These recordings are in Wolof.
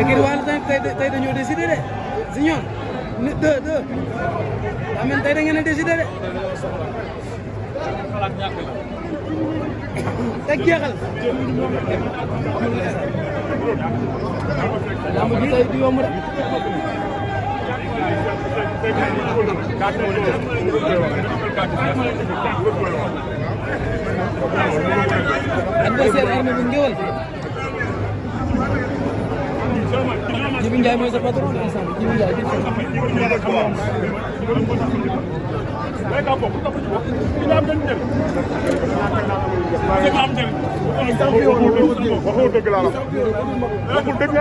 écurie Walo tey tey dañoo décidé de si ñoom ne deux deux daa mel tey da ngeen a décidé de. teg jeexal. lamb ji tey du yomb rek. adversaire armé bu ngéwal Djibi Ndiaye mooy sa patron ensemble Djibi Ndiaye di waxul dëgg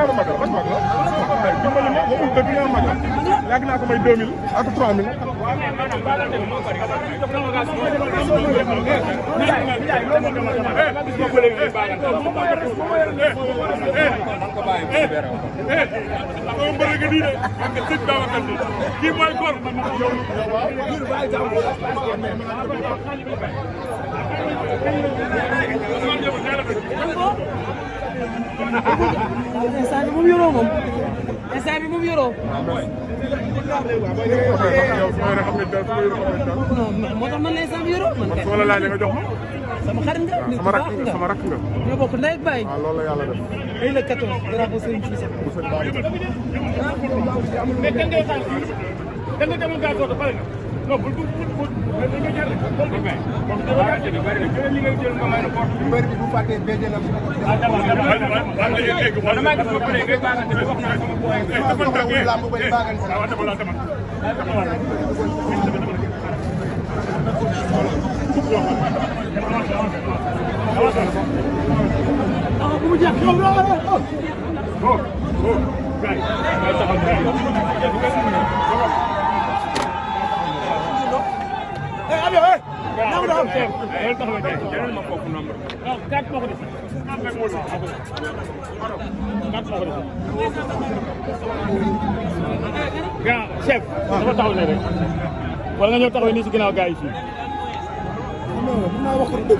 ñaar mag la yàgg naa ko may deux mille ak trois mille kii mooy góor instant bi moom yoroo moom instant bi moom yoroo non moo tax man lay sàmm yoroo man kay. man la nga jox ma. sama xarit nga nit ku baax nga sama rakk nga. ñoo bokk ndey ak baay. waaw loolu la yàlla def. léegi nag 14 dara ko sëriñ Cissé. da nga demoon gaz oto pare nga non bu bu bu da nga jar rek loolu du may. kon dama yaa jënd bëri na jëlee li ngay jël nga may na porte bi. bëri bi bu fàttee béjjee la. ah d' accord d' accord d' accord man dañuy dégg man damaa gis nga bëri ngay baagante bi wax naa sama booy. dafa tàggee lamb bay baagante. waaw dama la dama dama la. ah bu mu jeex yow. oh oh gars yi. grand chef. dafa taxaw ne rek. wala nga ñëw taxaw nii si ginnaaw gars yi fii. non non mën naa wax ko dëgg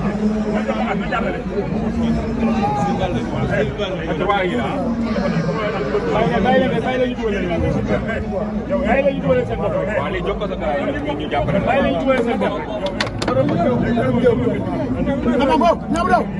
Nama bok, nama dong.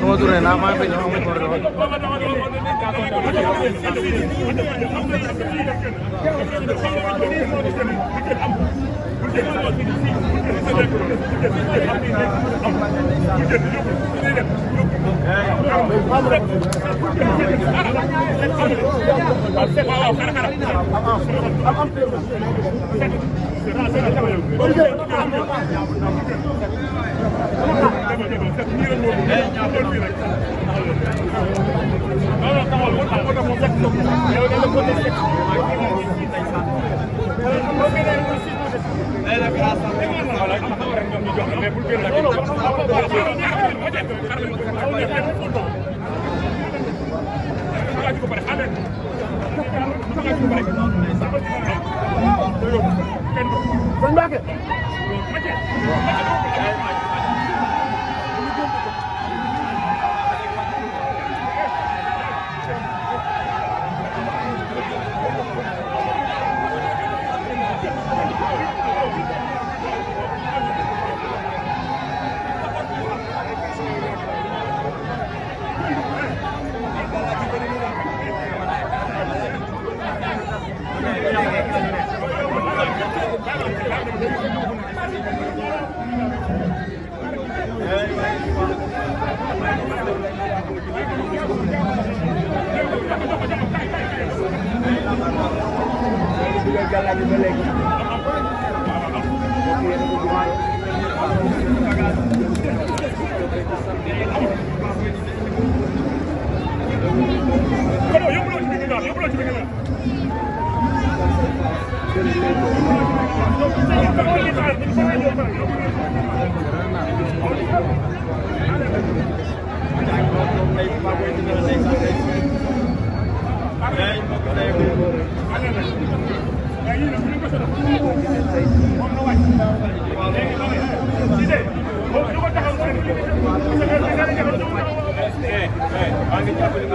ಸೋದರೇ ನಾ ಮಾಡಿ Thank you. sëñ Mbacke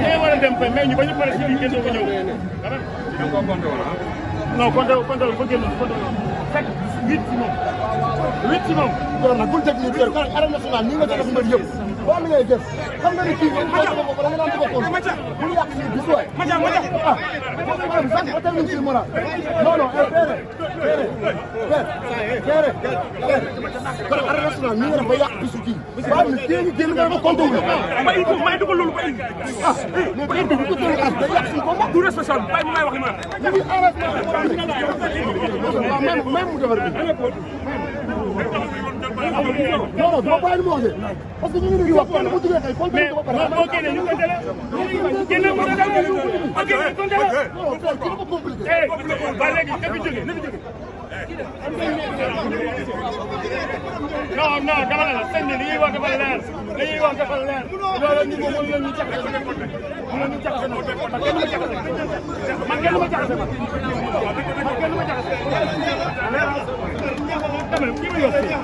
dañoo war a dem kay mais ñu bañ a pare si liggéey doog a ñëw. dama ko compté woon ah. non compté compté woon ba génn compté woon. fekk huit si moom. huit si moom. loolu nag bu ñu teg nii kër arène nationale nii nga def mbër yëpp boo amee def. xam nga ne kii moom boo ko bokkoon da nga daan ko bokkoon bu ñu yàq nii gis waay ah moom sax ba tey ñu ci moral non non teere teere teere teere teere kon arrêt national ñu ngi def ba yàq bisu kii ba am ne kii ñu génn nga ko compté wu bay ko may dugal loolu bay ah mais bay du ko tollu as da yàq suñu combat du responsable bay mu may wax ni ma ñu ngi arrêté même mu defar bi non non dama bàyyi mu waxee parce que ñu ngi wax kenn bu jugee tey kontaan dama pare. mais boo génnee ñu kontaan la. génne mu kontaan la. boo génnee kontaan la. non non kii dafa compliqué. ba léegi na fi jógee na fi jógee. non non dama ne la sëñ bi li ñuy wax dafa leer li ñuy wax dafa leer loolu ñu moom mënuñu jaxase mënuñu jaxase noonu man kenn ma jaxase man kenn ma jaxase man kenn ma jaxase.